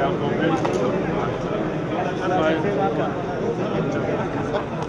자, 네. 그러면